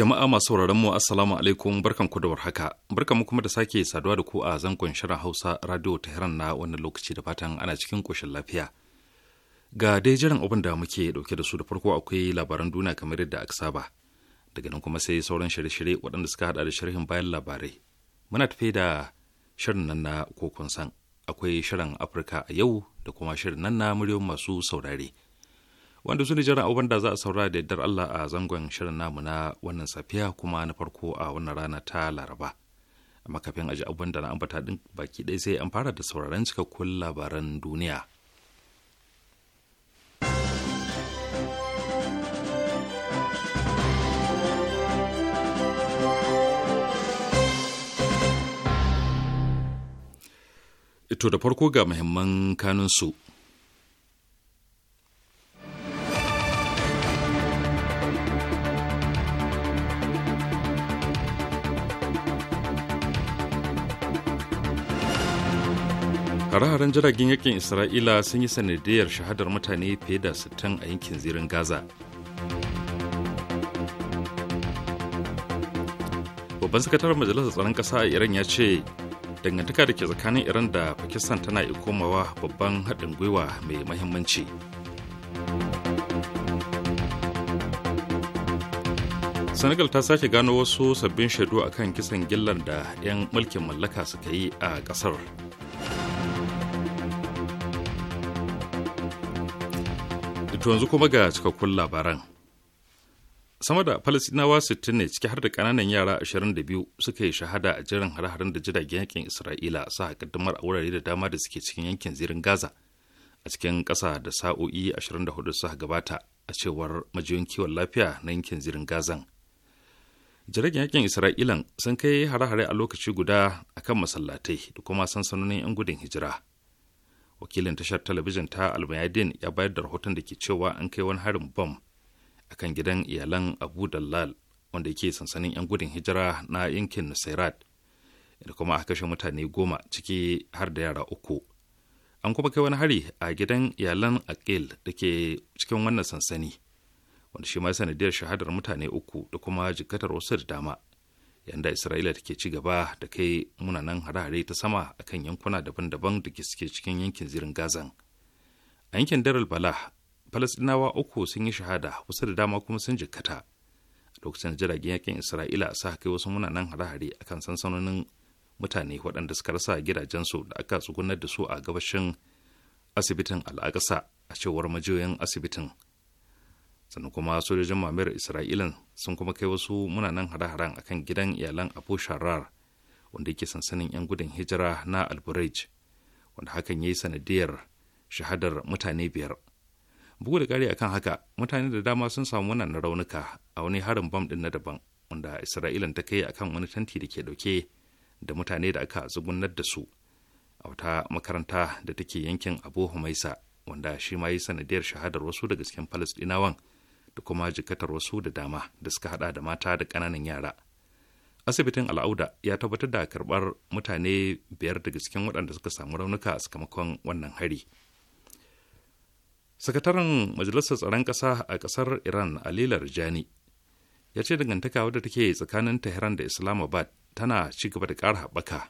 Jama'a masu sauraron mu Assalamu alaikum ku da warhaka. Barkanmu kuma da sake saduwa da ku a zangon shirin Hausa Radio Tehran na wannan lokaci da fatan ana cikin koshin lafiya. Ga dai jiran abin da muke dauke da su da farko akwai labaran duniya kamar yadda aka saba. Daga nan kuma sai sauran shirye-shirye waɗanda suka hada da sharhin bayan labarai. Muna tafe da shirin nan na kokon san. Akwai shirin Afirka a yau da kuma shirin nan na muryoyin masu saurare. wanda su ne jiran abubuwan da za a saura da yardar Allah a zangon shirin namu na wannan safiya kuma na farko a wannan rana ta Laraba. Amma kafin aji abubuwan da na ambata din baki ɗaya sai an fara da sauraron cikakkun labaran duniya. To da farko ga muhimman kanunsu. su. hare jiragen yakin isra'ila sun yi sanadiyar shahadar mutane fiye da 60 a yankin zirin gaza babban sakataren majalisar tsaron ƙasa a iran ya ce dangantaka da ke tsakanin iran da pakistan tana komawa babban haɗin gwiwa mai mahimmanci senegal ta sake gano wasu sabbin shaidu akan kisan gillan da 'yan mulkin mallaka suka yi a ƙasar To yanzu kuma ga cikakkun labaran. Sama da Falasɗinawa 60 ne ciki har da kananan yara 22 suka yi shahada a jiran hare-haren da jiragen yakin Isra'ila sa a kaddamar a wurare da dama da suke cikin yankin zirin Gaza a cikin ƙasa da sa'o'i 24 suka gabata a cewar majiyoyin kiwon lafiya na yankin zirin Gazan. jiragen yakin isra'ilan sun kai hare-hare a lokaci guda akan masallatai da kuma sansanonin 'yan gudun hijira wakilin tashar talabijin ta almayadin ya bayar da rahoton da ke cewa an kai wani harin bom a kan gidan iyalan abu dallal wanda yake sansanin 'yan gudun hijira na yankin nusairat da kuma a kashe mutane goma ciki har da yara uku an kuma kai wani hari a gidan iyalan akil da ke cikin wannan sansani wanda shi ma sanadiyar shahadar mutane uku da kuma jikatar wasu da dama yanda isra'ila take ci gaba da kai munanan hare-hare ta sama akan yankuna daban-daban da ke suke cikin yankin zirin gazan a yankin daral bala falasdinawa uku sun yi shahada kusa da dama kuma sun jikkata lokacin jiragen yakin isra'ila a sa kai wasu munanan hare-hare akan sansanonin mutane waɗanda suka rasa gidajensu da aka tsugunar da su a gabashin asibitin al'aƙasa a cewar majiyoyin asibitin sannan kuma sojojin mamayar isra'ilan sun kuma kai wasu munanan hare-haren akan gidan iyalan abu sharar wanda yake sansanin 'yan gudun hijira na alburaj wanda hakan ya yi sanadiyar shahadar mutane biyar bugu da kari akan haka mutane da dama sun samu munanan raunuka a wani harin bam din na daban wanda isra'ilan ta kai akan wani tanti da ke dauke da mutane da aka zugunar da su a wata makaranta da take yankin abu humaisa wanda shi ma yi sanadiyar shahadar wasu daga cikin falastinawan da kuma jikatar wasu da dama da suka hada da mata da ƙananan yara asibitin al'auda ya tabbatar da karɓar mutane biyar daga cikin waɗanda suka samu raunuka a sakamakon wannan hari sakataren majalisar tsaron ƙasa a ƙasar iran alila rijani ya ce dangantaka wadda take tsakanin tehran da islamabad tana ci gaba da ƙara haɓaka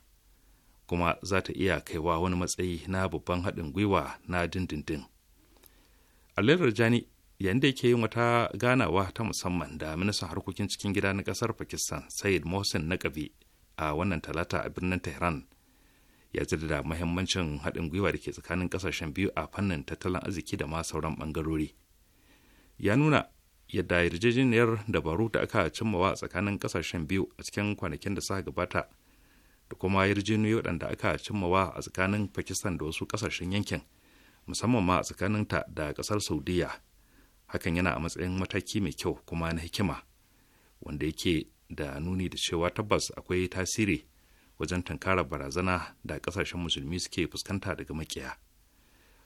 kuma za ta iya kaiwa wani matsayi na babban haɗin gwiwa na dindindin alila rijani yadda yake yin wata ganawa ta musamman da ministan harkokin cikin gida na kasar pakistan said mohsin kabi a wannan talata a birnin tehran ya da mahimmancin haɗin gwiwa da ke tsakanin kasashen biyu a fannin tattalin arziki da ma sauran ɓangarori ya nuna yadda yarjejeniyar dabaru da aka cimmawa a tsakanin kasashen biyu a cikin kwanakin da suka gabata da kuma yarjejeniyoyi waɗanda aka cimmawa a tsakanin pakistan da wasu kasashen yankin musamman ma a tsakaninta da kasar saudiya hakan yana a matsayin mataki mai kyau kuma na hikima wanda yake da nuni da cewa tabbas akwai tasiri wajen tankara barazana da kasashen musulmi suke fuskanta daga makiya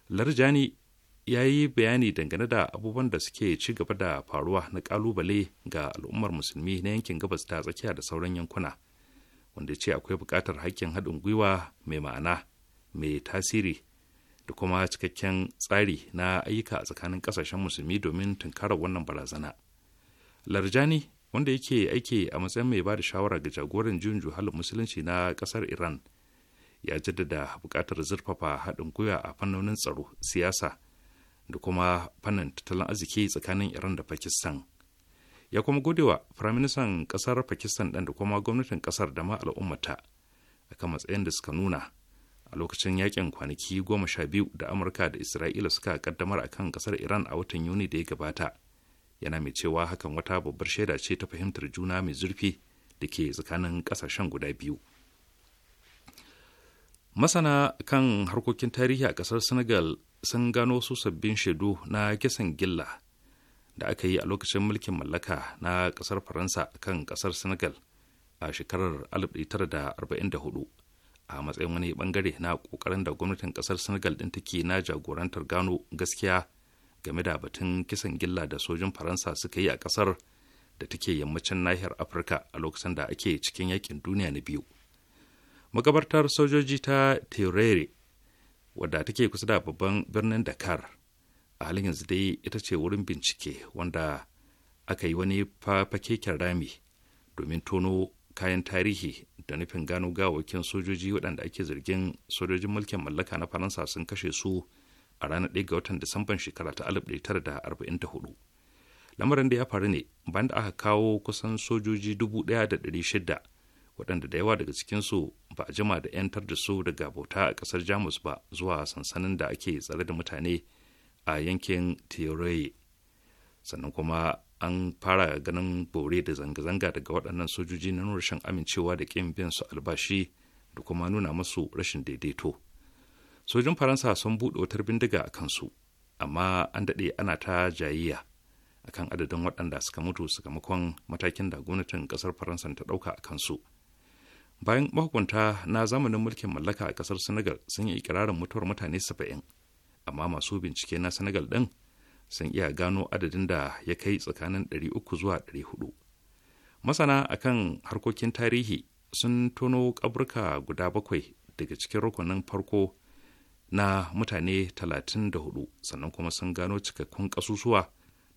larjani ya yi bayani dangane da abubuwan da suke ci gaba da faruwa na kalubale ga al'ummar musulmi na yankin gabas ta tsakiya da sauran yankuna wanda ce akwai buƙatar haƙƙin haɗin gwiwa mai ma'ana mai tasiri da kuma cikakken tsari na ayyuka a tsakanin kasashen musulmi domin tunkarar wannan barazana larjani wanda yake aiki a matsayin mai ba da shawara ga jagoran juyin juhalin musulunci na kasar iran ya jaddada buƙatar zurfafa haɗin gwiwa a fannonin tsaro siyasa da kuma fannin tattalin arziki tsakanin iran da pakistan ya kuma godewa firaministan ƙasar pakistan ɗin da kuma gwamnatin ƙasar da ma al'ummata akan matsayin da suka nuna a lokacin yakin kwanaki goma sha biyu da amurka da isra'ila suka kaddamar a kan kasar iran a watan yuni da ya gabata yana mai cewa hakan wata babbar shaida ce ta fahimtar juna mai zurfi da ke tsakanin kasashen guda biyu masana kan harkokin tarihi a kasar senegal sun gano su sabbin shaidu na kisan gilla da aka yi a lokacin mulkin mallaka na kasar faransa kan kasar senegal a shekarar 1944 a matsayin wani bangare na kokarin da gwamnatin kasar senegal din take na jagorantar gano gaskiya game da batun kisan gilla da sojin faransa suka yi a kasar da take yammacin nahiyar afirka a lokacin da ake cikin yakin duniya na biyu makabartar sojoji ta terere wadda take kusa da babban birnin dakar a halin yanzu dai ita ce wurin bincike wanda aka yi wani fafakekin rami domin tono kayan tarihi da nufin gano gawakin sojoji waɗanda ake zargin sojojin mulkin mallaka na faransa sun kashe su a ranar 1 ga watan disamban shekara ta da hudu lamarin da ya faru ne bayan aka kawo kusan sojoji dubu ɗaya da ɗari shida waɗanda da yawa daga cikinsu ba a jima da 'yantar da su daga bauta a ƙasar jamus ba zuwa sansanin da ake tsare da mutane a yankin tiroye sannan kuma an fara ganin bore da zanga-zanga daga waɗannan sojoji na nuna rashin amincewa da ƙin biyan su albashi da kuma nuna masu rashin daidaito sojin faransa sun buɗe wutar bindiga a kansu amma an daɗe ana ta jayayya kan adadin waɗanda suka mutu sakamakon matakin da gwamnatin ƙasar faransa ta ɗauka a kansu bayan mahukunta na zamanin mulkin mallaka a ƙasar senegal sun yi ikirarin mutuwar mutane saba'in amma masu bincike na senegal ɗin sun iya gano adadin da ya kai tsakanin 300 zuwa 400 masana a kan harkokin tarihi sun tono ƙaburka guda bakwai daga cikin rukunin farko na mutane 34 sannan kuma sun gano cikakkun ƙasusuwa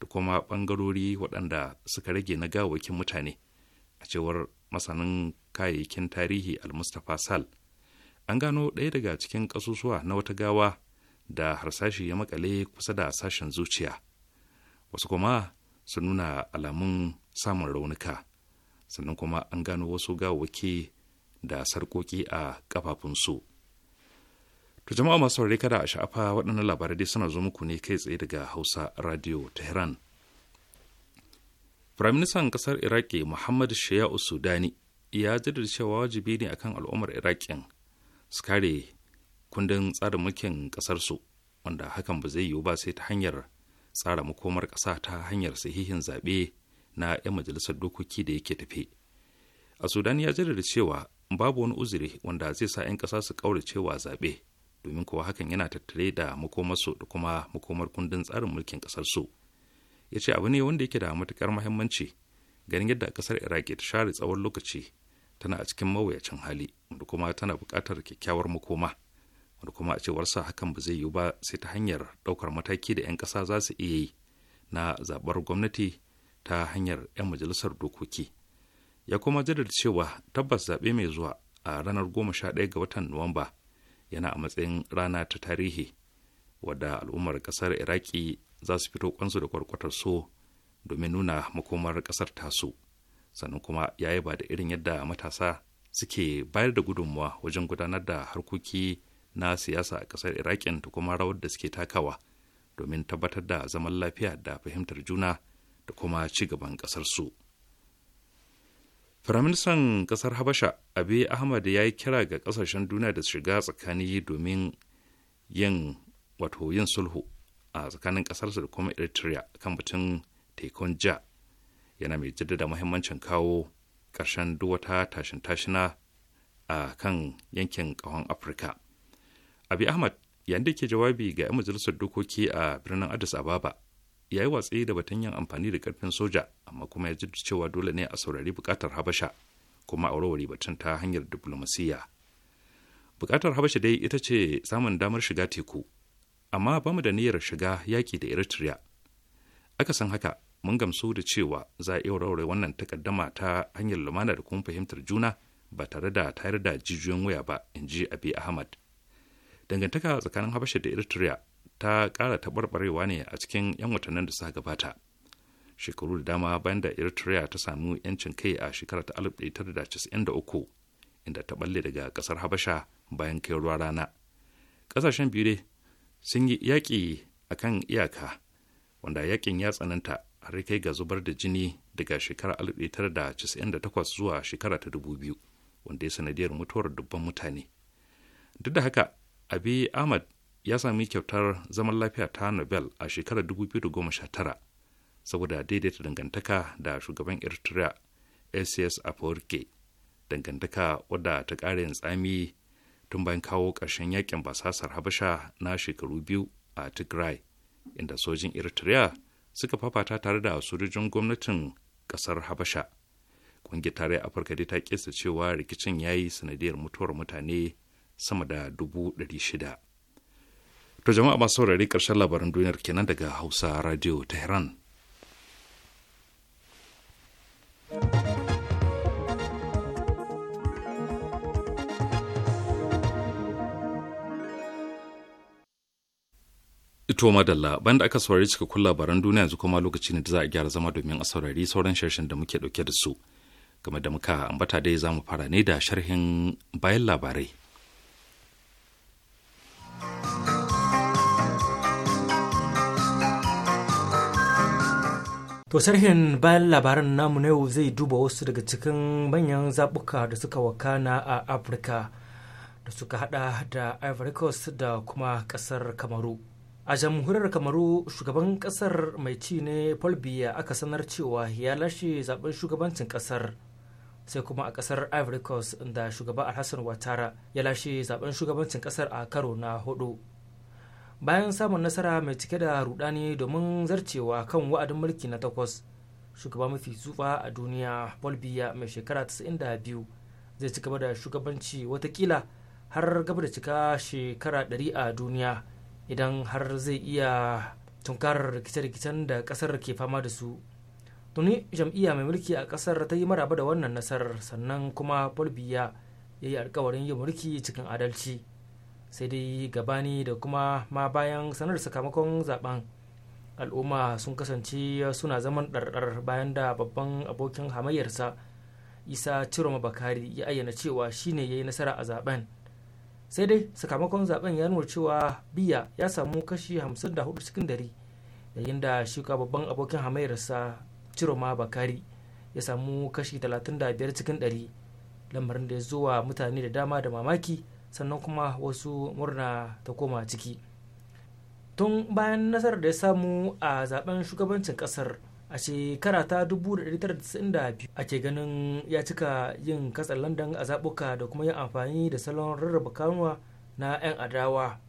da kuma ɓangarori waɗanda suka rage na gawakin mutane a cewar masanin kayayyakin tarihi al-mustapha sal an gano ɗaya daga cikin ƙasusuwa na wata gawa da harsashi ya makale kusa da sashen zuciya wasu kuma sun nuna alamun samun raunuka sannan kuma an gano wasu gawawwaki da sarƙoƙi a ƙafafunsu to jama'a masu saurari kada a sha'afa waɗannan labarai suna zo muku ne kai tsaye daga hausa radio tehran firaministan ƙasar iraki muhammad shaya'u sudani ya jaddada cewa wajibi ne akan al'ummar iraƙin su kare kundin tsarin mulkin ƙasarsu wanda hakan ba zai yiwu ba sai ta hanyar tsara makomar ƙasa ta hanyar sahihin zaɓe na 'yan majalisar dokoki da yake tafe a sudan ya jaddada cewa babu wani uzuri wanda zai sa 'yan ƙasa su cewa zaɓe domin kuwa hakan yana tattare da makomarsu da kuma makomar kundin tsarin mulkin ƙasarsu ya ce abu ne wanda yake da matuƙar muhimmanci ganin yadda ƙasar iraki ta share tsawon lokaci tana a cikin mawuyacin hali da kuma tana buƙatar kyakkyawar makoma da kuma a cewar sa hakan ba zai yiwu ba sai ta hanyar ɗaukar mataki da 'yan ƙasa za su iya yi na zaɓar gwamnati ta hanyar 'yan majalisar dokoki ya kuma jaddada cewa tabbas zaɓe mai zuwa a ranar 11 ga watan nuwamba yana a matsayin rana ta tarihi wadda al'ummar ƙasar iraki za su fito kwansu da kwarkwatar so domin nuna makomar ƙasar tasu sannan kuma ya ba da irin yadda matasa suke bayar da gudunmuwa wajen gudanar da harkoki na siyasa a ƙasar iraƙin da kuma rawar da suke takawa domin tabbatar da zaman lafiya da fahimtar juna da kuma ci gaban ƙasarsu. Firaministan ƙasar Habasha abi Ahmad ya yi kira ga ƙasashen duniya da su shiga tsakani domin yin wato yin sulhu a tsakanin ƙasarsa da kuma Eritrea kan batun tekun ja yana mai jaddada mahimmancin kawo ƙarshen duk wata tashin-tashina a kan yankin ƙahon Afirka. abi ahmad yayin da ke jawabi ga 'yan majalisar dokoki a birnin addis ababa ya yi watsi da batun yin amfani da karfin soja amma kuma ya ji cewa dole ne a saurari bukatar habasha kuma a warware batun ta hanyar diplomasiya bukatar habasha dai ita ce samun damar shiga teku amma ba mu da niyyar shiga yaƙi da eritrea aka san haka mun gamsu da cewa za a iya warware wannan takaddama ta hanyar lumana da kuma fahimtar juna ba tare da tayar da jijiyoyin waya ba in ji abi ahmad dangantaka tsakanin habasha da eritrea ta kara taɓarɓarewa ne a cikin 'yan watannin da suka gabata shekaru da dama bayan da eritrea ta samu 'yancin kai a shekara ta 1993 inda ta balle daga ƙasar habasha bayan kai ruwa rana ƙasashen biyu ne sun yi yaƙi a kan iyaka wanda yaƙin ya tsananta har kai ga zubar da jini daga shekara 1998 zuwa shekara ta 2000 wanda ya sanadiyar mutuwar dubban mutane duk da haka abi ahmad ya sami kyautar zaman lafiya ta nobel a shekarar 2019 saboda daidaita dangantaka da shugaban eritrea cs aforke dangantaka wadda ta ƙara yin tsami tun bayan kawo ƙarshen yakin basasar habasha na shekaru biyu a tigray inda sojin eritrea suka fafata tare da sojojin gwamnatin ƙasar habasha ƙungiyar tarayyar afirka dai ta kesa cewa rikicin ya yi sanadiyar mutuwar mutane sama da dubu ɗari shida. To jama'a masu saurari ƙarshen labaran duniyar kenan daga Hausa Radio Tehran. Ito madalla da aka saurari cikakkun labaran duniya yanzu kuma lokaci ne da za a gyara zama domin a saurari sauran shirshin da muke dauke da su. Game da muka ambata dai za mu fara ne da sharhin bayan labarai. To sarhin bayan labaran namu na yau zai duba wasu daga cikin manyan zaɓuka da suka wakana a Afirka da suka hada da Ivory Coast da kuma ƙasar Kamaru. A jamhuriyar Kamaru shugaban ƙasar mai ci ne Paul Biya aka sanar cewa ya lashe zaben shugabancin ƙasar. Sai kuma a ƙasar Ivory Coast da shugaba Alhassan Watara ya lashe zaben shugabancin ƙasar a karo na hudu. bayan samun nasara mai cike da rudani domin zarcewa kan wa'adin mulki na takwas shugaba mafi tsufa a duniya Bolbiya mai shekara 92 zai ci gaba da shugabanci watakila har gaba da cika shekara 100 a duniya idan har zai iya tunkar rikice-rikicen da kasar ke fama da su tuni jam'iyya mai mulki a kasar ta yi maraba da wannan nasarar sannan kuma Bolbiya ya yi alkawarin yin mulki cikin adalci sai dai gabani da kuma ma bayan sanar sakamakon zaben al'umma sun kasance suna zaman ɗarɗar bayan da babban abokin hamayyarsa isa ciroma bakari ya ayyana cewa shine ya yi nasara a zaben sai dai sakamakon zaben ya nuna cewa biya ya samu kashi 54 cikin dari yayin da shuka babban abokin hamayyarsa ciroma bakari ya samu kashi 35 cikin dari lamarin da ya zuwa mutane da dama da mamaki sannan kuma wasu murna ta koma ciki tun bayan nasarar da ya samu a zaben shugabancin kasar a shekara ta 1992 ake ganin ya cika yin kasar london a zaɓuka da kuma yin amfani da salon rarraba kanuwa na 'yan adawa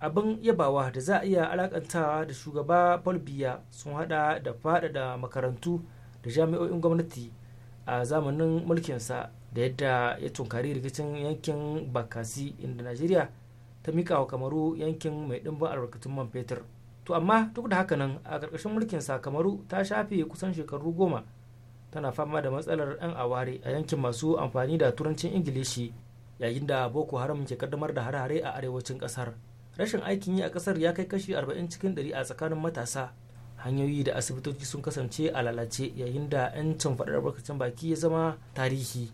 abin yabawa da za a iya alakantawa da shugaba paul biya sun hada da faɗaɗa makarantu da jami'o'in gwamnati a zamanin mulkinsa da yadda ya tunkari rikicin yankin bakasi inda najeriya ta mika wa kamaru yankin mai ɗimbin albarkatun man fetur to amma duk da haka nan a ƙarƙashin mulkin sa kamaru ta shafe kusan shekaru goma tana fama da matsalar 'yan aware a yankin masu amfani da turancin ingilishi yayin da boko haram ke kaddamar da hare-hare a arewacin ƙasar rashin aikin yi a ƙasar ya kai kashi 40 cikin 100 a tsakanin matasa hanyoyi da asibitoci sun kasance a lalace yayin da 'yancin faɗar albarkacin baki ya zama tarihi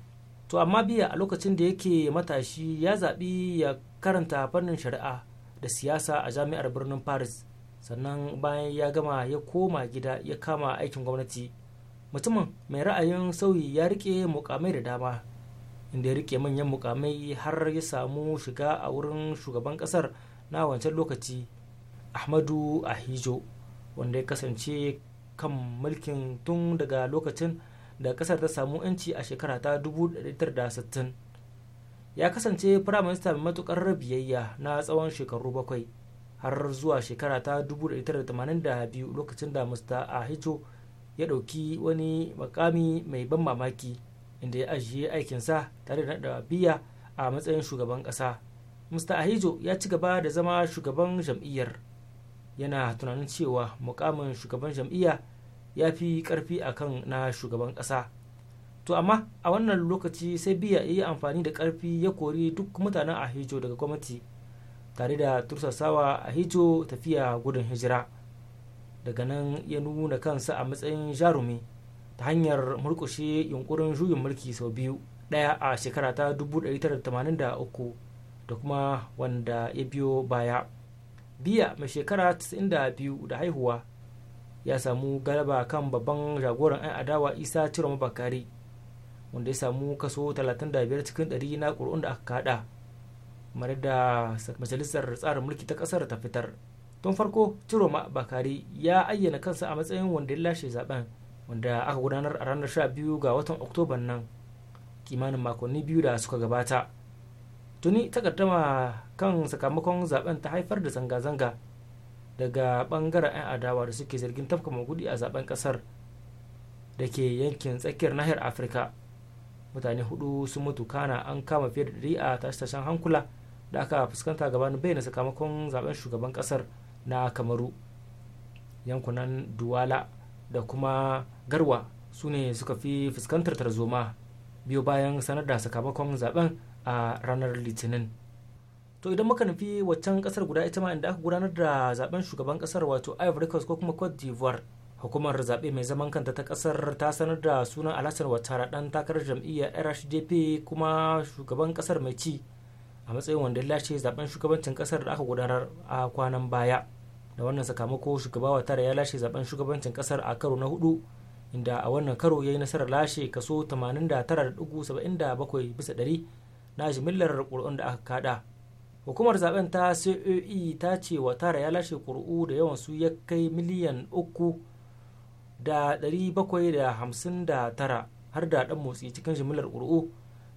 to amma biya a lokacin da yake matashi ya zaɓi ya karanta fannin shari'a da siyasa a jami'ar birnin paris sannan bayan ya gama ya koma gida ya kama aikin gwamnati mutumin mai ra'ayin sauyi ya rike mukamai da dama inda ya rike manyan mukamai har ya samu shiga a wurin shugaban kasar na wancan lokaci ahmadu ahijo wanda ya kasance kan mulkin tun daga lokacin da kasar ta samu 'yanci a shekara ta 1960 ya kasance firaminista mai matukar rabiyayya na tsawon shekaru bakwai har zuwa shekara ta 1982 lokacin da mr ahijo ya ɗauki wani makami mai ban mamaki inda ya ajiye aikinsa tare da ɗabi'a biya a matsayin shugaban ƙasa mr ahijo ya ci gaba da zama shugaban jam'iyyar yana tunanin cewa mukamin shugaban jam'iyya ya fi karfi a kan na shugaban kasa to amma a wannan lokaci sai biya ya yi amfani da karfi ya kori duk mutanen ahijo daga gwamnati tare da tursasawa a hijo tafiya gudun hijira daga nan ya nuna kansa a matsayin jarumi ta hanyar murkushe yunkurin juyin mulki sau biyu daya a shekara ta 1983 da kuma wanda ya biyo baya biya mai shekara 92 da haihuwa ya samu galaba kan babban jagoran 'yan adawa isa ciro mabakari wanda ya samu kaso 35 cikin 100 na ƙuri'un da aka kada mare da majalisar tsarin mulki ta ƙasar ta fitar tun farko ciro bakari ya ayyana kansa a matsayin wanda ya lashe zaben wanda aka gudanar a ranar 12 ga watan oktoban nan kimanin makonni biyu da suka gabata tuni takaddama kan sakamakon zaben ta haifar da zanga-zanga daga bangaren 'yan adawa da suke zargin tafka magudi a zaben kasar da ke yankin tsakiyar nahiyar afirka mutane hudu sun mutu kana an kama fiye da dari a tashe-tashen hankula da aka fuskanta gabanin bayyana sakamakon zaben shugaban kasar na kamaru yankunan duwala da kuma garwa su ne suka fi fuskantar tarzoma biyu bayan sanar da sakamakon zaben a ranar litinin to idan muka nufi waccan kasar guda ita ma inda aka gudanar da zaben shugaban kasar wato ivory coast ko kuma cote d'ivoire hukumar zaɓe mai zaman kanta ta kasar ta sanar da sunan alhassan watara ɗan takarar jam'iyyar rhdp kuma shugaban kasar mai ci a matsayin wanda ya lashe zaben shugabancin kasar da aka gudanar a kwanan baya da wannan sakamako shugaba watara ya lashe zaben shugabancin ƙasar a karo na hudu inda a wannan karo ya yi nasarar lashe kaso 89.77 bisa ɗari na jimillar ƙuri'un da aka kada hukumar zaben ta coe ta ce watara ya lashe kur’u da yawan su ya kai miliyan uku da tara har da dan motsi cikin jimillar kur’u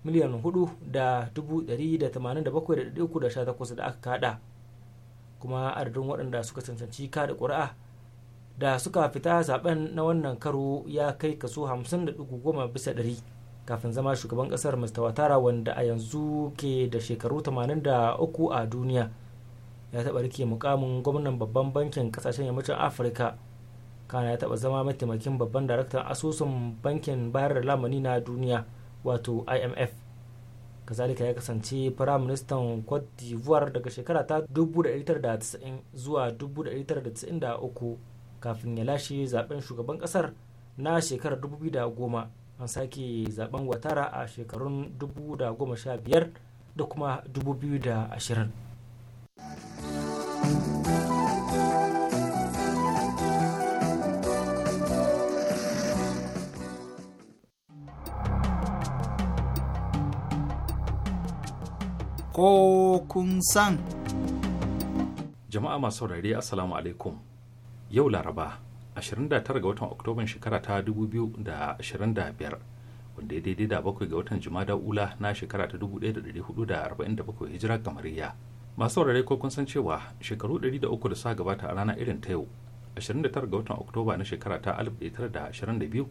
miliyan hudu da 187,318 da aka kada kuma adadin waɗanda suka cancanci kada ƙuri'a da suka fita zaben na wannan karo ya kai kaso goma bisa ɗari. kafin zama shugaban kasar mr watara wanda a yanzu ke da shekaru 83 a duniya ya taɓa rike mukamin gwamnan babban bankin kasashen yammacin afirka kana ya taɓa zama mataimakin babban daraktan asusun bankin bayar da lamani na duniya wato imf kazalika ya kasance firaministan cote d'ivoire daga shekara ta 1990 zuwa 1993 kafin ya lashe zaben shugaban kasar na shekarar 2010 an sake zaben watara a shekarun 2015 da kuma 2020 ko kun san jama'a masu saurari assalamu alaikum yau laraba 29 ga watan oktoban shekara ta 2025 wanda ya daidai da bakwai ga watan jumada ula na shekara ta 1447 hijira kamariya masu saurare ko kun san cewa shekaru 300 da sa gabata a rana irin ta yau 29 ga watan oktoba na shekara ta 1922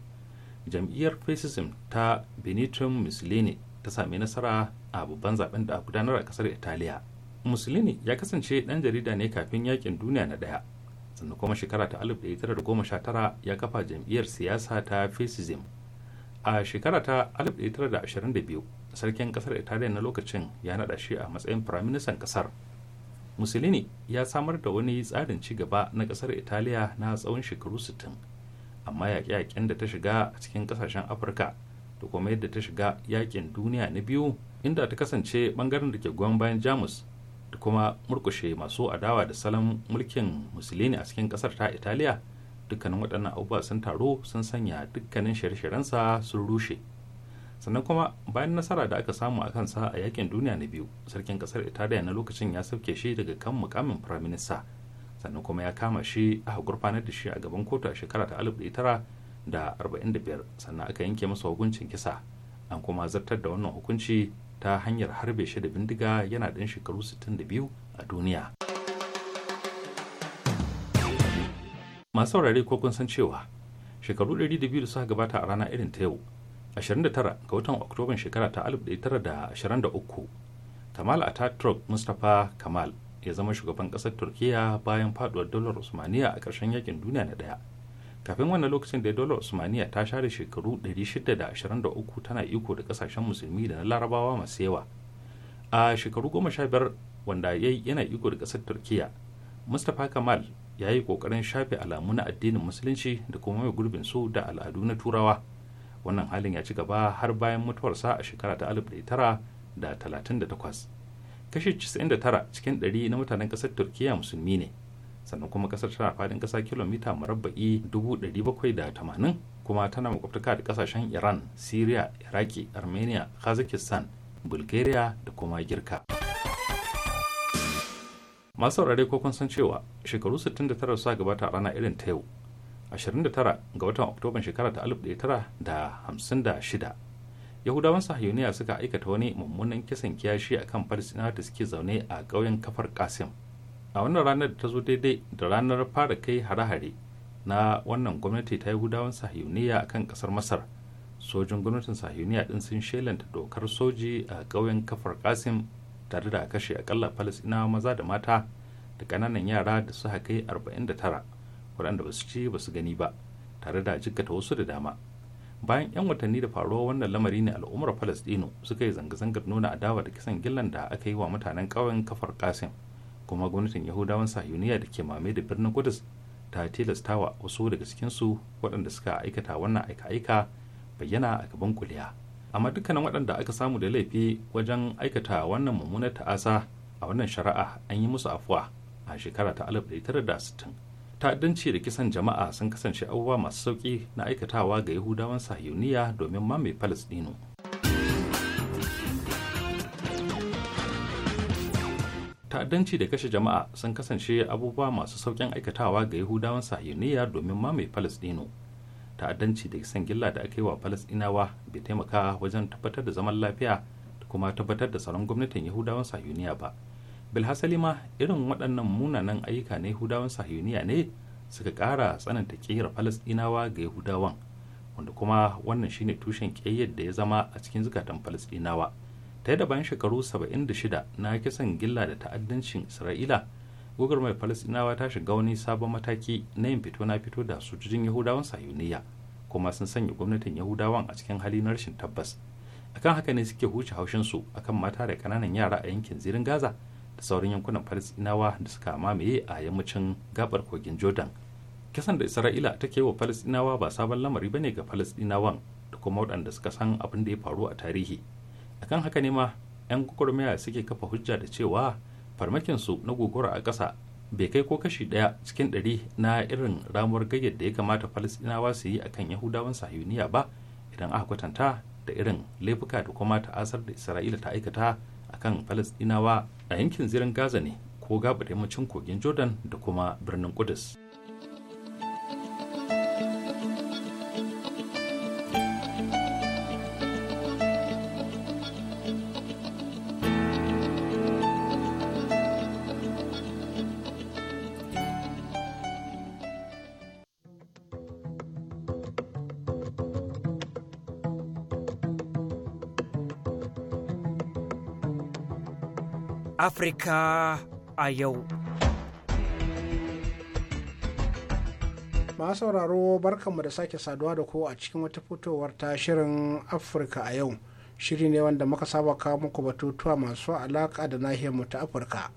jam'iyyar fascism ta benito mussolini ta sami nasara a babban zaben da gudanar a kasar italiya mussolini ya kasance dan jarida ne kafin yakin duniya na daya sannan kuma shekara ta 1919 ya kafa jam'iyyar siyasa ta fascism a shekara ta 1922 sarkin kasar italiya na lokacin ya naɗa shi a matsayin firaministan kasar musulini ya samar da wani tsarin ci gaba na kasar italiya na tsawon shekaru 60 amma yaƙe-yaƙen da ta shiga a cikin ƙasashen afirka da kuma yadda ta shiga yaƙin duniya na biyu inda ta kasance bangaren da ke goyon bayan jamus da kuma murkushe masu adawa da salon mulkin musulini a cikin kasar ta italiya dukkanin waɗannan abubuwa sun taru sun sanya dukkanin shirye-shiryensa sun rushe sannan kuma bayan nasara da aka samu a kansa a yakin duniya na biyu sarkin kasar italiya na lokacin ya sauke shi daga kan mukamin firaminista sannan kuma ya kama shi aka gurfanar da shi a gaban kotu a shekara ta 1945 sannan aka yanke masa hukuncin kisa an kuma zartar da wannan hukunci ta hanyar harbe shi da bindiga yana ɗan shekaru 62 a duniya. Masu saurare ko kun san cewa shekaru 200 da suka gabata a rana irin ta yau 29 ga watan Oktoban shekara ta 1923 a Ataturk Mustapha Kamal ya zama shugaban ƙasar Turkiyya bayan faduwar daular Usmaniya a ƙarshen yakin duniya na ɗaya. kafin wannan lokacin da dole usmaniya ta share shekaru 623 tana iko da kasashen musulmi da na larabawa masu yawa a shekaru 15 wanda ya yana iko da kasar turkiya mustapha kamal ya yi kokarin shafe alamu na addinin musulunci da kuma mai gurbin su da al'adu na turawa wannan halin ya ci gaba har bayan mutuwarsa a shekara ta da 1938 kashi 99 cikin 100 na mutanen kasar turkiya musulmi ne sannan kuma kasar tana faɗin ƙasa kilomita murabba'i 780 kuma tana makwabtaka da ƙasashen iran syria iraki armenia kazakistan bulgaria da kuma girka masu saurare ko kun san cewa shekaru 69 suka gabata a rana irin ta yau 29 ga watan oktoban shekara ta 1956 yahudawan sahiyoniya suka aikata wani mummunan kisan kiyashi akan farisina da suke zaune a ƙauyen kafar kasim a wannan ranar ta zo daidai da ranar fara kai hare-hare na wannan gwamnati ta yahudawan sahiyuniya a kan kasar masar sojin gwamnatin sahiyuniya din sun shelanta dokar soji a ƙauyen kafar kasim tare da kashe akalla falasinawa maza da mata da ƙananan yara da suka kai 49 waɗanda ba su ci ba su gani ba tare da jikkata wasu da dama bayan 'yan watanni da faruwa wannan lamari ne al'ummar falasɗinu suka yi zanga-zangar nuna adawa da kisan gillan da aka yi wa mutanen ƙauyen kafar kasim kuma gwamnatin yahudawan sahiyuniya da ke mame da birnin kudus ta tilasta wa wasu daga cikinsu waɗanda suka aikata wannan aika-aika bayyana a gaban kuliya amma dukkanin waɗanda aka samu da laifi wajen aikata wannan mummunar ta'asa a wannan shari'a an yi musu afuwa a shekara ta 1960 ta'addanci da kisan jama'a sun kasance abubuwa masu sauƙi na aikatawa ga yahudawan sahiyuniya domin mame dinu. ta'addanci da kashe jama'a sun kasance abubuwa masu saukin aikatawa ga yahudawan sahiyoniya domin mamaye falasɗinu ta'addanci da san gilla da aka yi wa falasɗinawa bai taimaka wajen tabbatar da zaman lafiya da kuma tabbatar da tsaron gwamnatin yahudawan sahiyoniya ba bilhassali ma irin waɗannan munanan ayyuka na yahudawan sahiyoniya ne suka ƙara tsananta ƙiyar falasɗinawa ga yahudawan wanda kuma wannan shine tushen ƙiyayyar da ya zama a cikin zukatan falasɗinawa fiye da bayan shekaru 76 na kisan gilla da ta'addancin isra'ila gugur mai falasinawa ta shiga wani sabon mataki na yin fito na fito da sojojin yahudawan sayuniya kuma sun sanya gwamnatin yahudawan a cikin hali na rashin tabbas akan haka ne suke huce haushinsu akan mata da kananan yara a yankin zirin gaza da sauran yankunan falasinawa da suka mamaye a yammacin gabar kogin jordan kisan da isra'ila take wa falasinawa ba sabon lamari bane ga falasinawan da kuma waɗanda suka san abin da ya faru a tarihi kan haka ne ma 'yan gwagwarmaya suke kafa hujja da cewa farmakinsu na gogora a ƙasa bai kai ko kashi ɗaya cikin ɗari na irin ramuwar gayyar da ya kamata falasɗinawa su yi a kan yahudawan sahiyuniya ba idan aka kwatanta da irin laifuka da kuma ta'asar da isra'ila ta aikata a kan falasɗinawa a yankin zirin gaza ne ko da yammacin kogin jordan da kuma birnin kudus. Afrika a yau. Masu sauraro barkanmu da sake saduwa da ku a cikin wata fitowar ta shirin Afirka a yau. Shiri ne wanda muka saba kawo muku batutuwa masu alaƙa da nahiyar mu ta Afirka.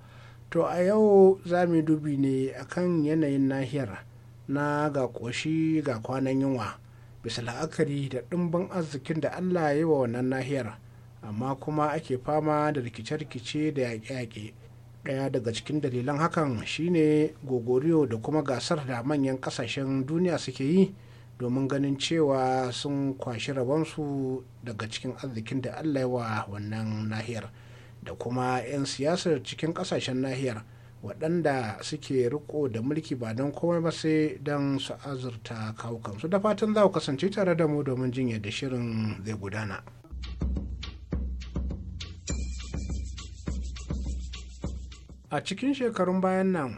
To a yau za mu dubi ne akan yanayin nahiyar na ga ƙoshi ga kwanan yunwa bisa la'akari da ɗimbin arzikin da Allah ya yi wa wannan nahiyar. amma kuma ake fama da rikice-rikice da yaƙe-yaƙe ɗaya daga cikin dalilan hakan shine gogoriyo da kuma gasar da manyan ƙasashen duniya suke yi domin ganin cewa sun kwashi rabonsu daga cikin arzikin da allah wa wannan nahiyar da kuma 'yan siyasar cikin ƙasashen nahiyar waɗanda suke riko da mulki ba don komai ba sai don su azurta kawukansu da fatan za ku kasance tare da mu domin jin yadda shirin zai gudana. a cikin shekarun bayan nan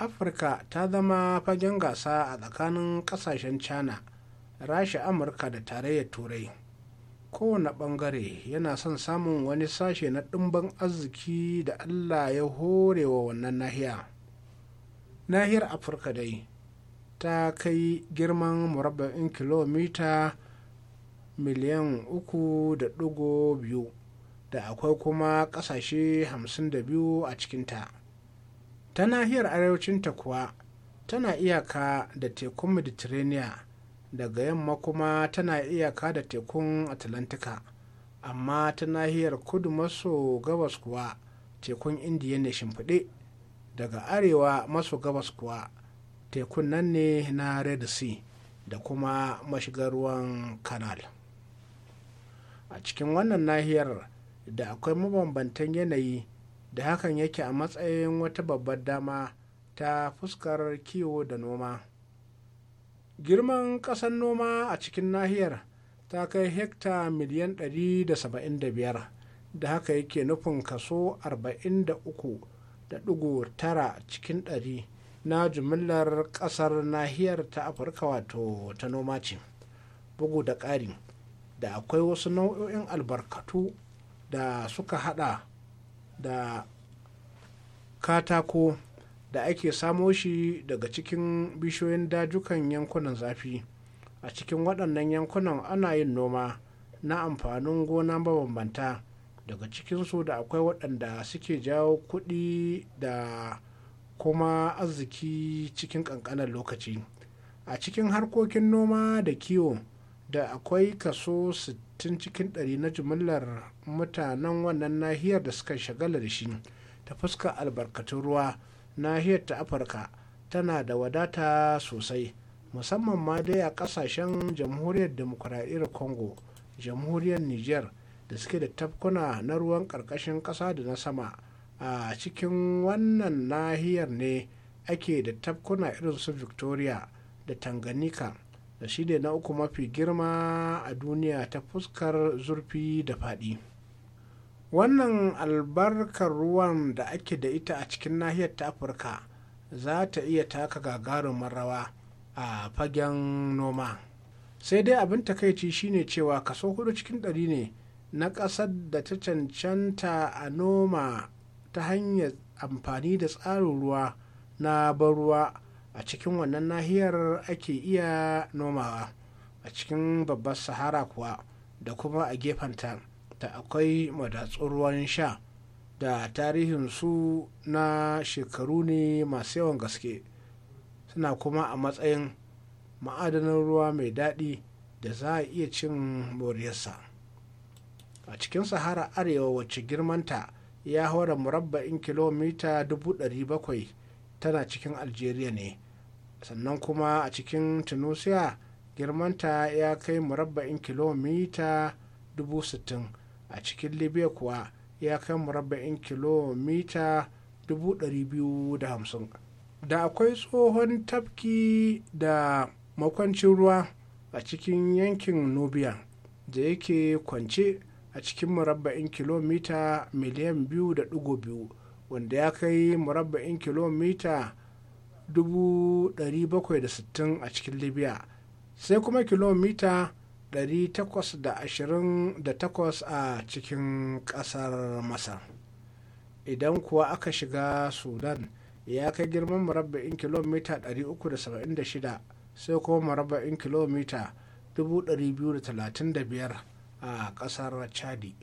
afirka ta zama fagen gasa a tsakanin kasashen china rasha amurka da tarayyar turai kowane bangare yana son samun wani sashe na dimban arziki da allah ya hore wa wannan nahiya nahiyar afirka dai ta kai girman murabba'in kilomita miliyan uku da ɗigo biyu da akwai kuma ƙasashe 52 a cikinta ta nahiyar arewacinta kuwa tana iyaka da tekun mediterranean daga yamma kuma tana iyaka da tekun atlantika amma ta nahiyar kudu maso gabas kuwa tekun indiya ne shimfiɗe daga arewa maso gabas kuwa tekun nan ne na red sea da kuma mashigar ruwan canal a cikin wannan nahiyar da akwai mabambantan yanayi da hakan yake a matsayin wata babbar dama ta fuskar kiwo da noma girman ƙasar noma a cikin nahiyar ta kai hekta miliyan 175 da haka yake nufin kaso 43.9 cikin 100 na jumillar ƙasar nahiyar ta afirka wato ta noma ce bugu da ƙari da akwai wasu nau'o'in albarkatu da suka hada da katako da ake samo shi daga cikin bishiyoyin dajukan yankunan zafi a cikin waɗannan yankunan ana yin noma na amfanin gona mabambanta daga cikinsu da akwai waɗanda suke jawo kuɗi da kuma arziki cikin ƙanƙanar lokaci a cikin harkokin noma da kiwo da akwai kaso 60 cikin 100 na jimillar mutanen wannan nahiyar da suka shagala da shi ta fuskar albarkatun ruwa nahiyar ta afirka tana da wadata sosai musamman ma dai a kasashen jamhuriyar demokuraɗiyyar congo jamhuriyar niger da suke da tafkuna na ruwan ƙarƙashin ƙasa da na sama a cikin wannan nahiyar ne ake da tafkuna irin su victoria da tanganyika da shi ne na uku mafi girma a duniya ta fuskar zurfi da faɗi wannan albarkar ruwan da ake da ita a cikin nahiyar ta afirka za ta iya taka gagarin rawa a fagen noma sai dai abin takaici shine cewa kaso hudu cikin ɗari ne na ƙasar da ta cancanta a noma ta hanyar amfani da tsarin ruwa na ban ruwa a cikin wannan nahiyar ake iya nomawa a cikin babbar sahara kuwa da kuma a gefenta ta akwai madatsun ruwan sha da tarihinsu na shekaru ne masu yawan gaske suna kuma a matsayin ma'adanin ruwa mai daɗi da za a iya cin moriyarsa a cikin sahara arewa wacce girmanta ya hora murabba'in kilomita 700 tana cikin algeria ne sannan kuma a cikin tunisia girmanta ya kai murabba'in kilomita 60,000 a cikin libya kuwa ya kai murabba'in kilomita 250,000. da akwai tsohon tafki da makwancin ruwa a cikin yankin nubia da yake kwance a cikin murabba'in kilomita miliyan 2.2 wanda ya kai murabba'in kilomita 760 a cikin libya sai kuma kilomita 828 a cikin ƙasar masar idan kuwa aka shiga sudan ya kai girman murabba'in kilomita 376 sai kuma murabba'in kilomita 235 a ƙasar chadi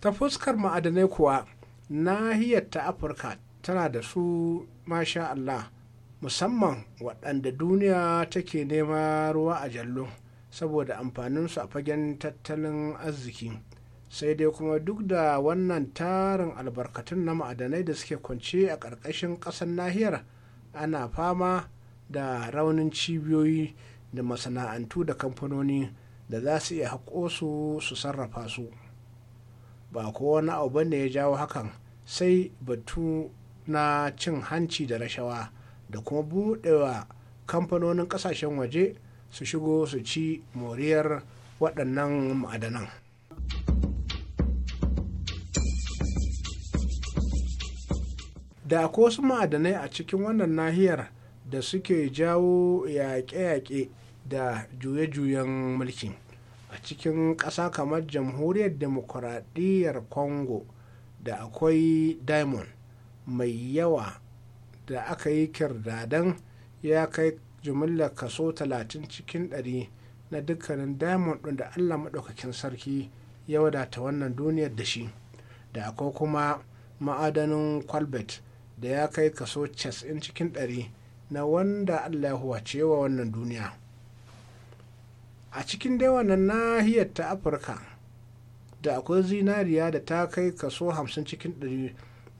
ta fuskar ma'adanai kuwa nahiyar ta afirka tana da su masha allah musamman waɗanda duniya take nema ruwa a jallo saboda amfaninsu a fagen tattalin arziki sai dai kuma duk da wannan tarin albarkatun na ma'adanai da suke kwance a ƙarƙashin ƙasar nahiyar ana fama da raunin cibiyoyi da masana'antu da kamfanoni da za su iya haƙo su su sarrafa su ba ko wani abu ne ya jawo hakan sai batu na cin hanci da rashawa da kuma buɗewa kamfanonin ƙasashen waje su shigo su ci moriyar waɗannan ma'adanan. da akwai wasu ma'adanai a cikin wannan nahiyar da suke jawo yaƙe-yaƙe da juye-juyen mulki a cikin ƙasa kamar jamhuriyar demokuraɗiyyar congo da akwai diamond mai yawa da aka yi kirdadan ya kai jimillar kaso 30 cikin 100 na dukkanin diamond ɗin da allah maɗaukakin sarki ya wadata wannan duniyar da shi da akwai kuma ma'adanin kwalbet da ya kai kaso 90 cikin 100 na wanda allah ya huwace wa wannan duniya a cikin dai wannan nahiyar ta afirka da akwai zinariya da ta kai kaso 50 cikin 100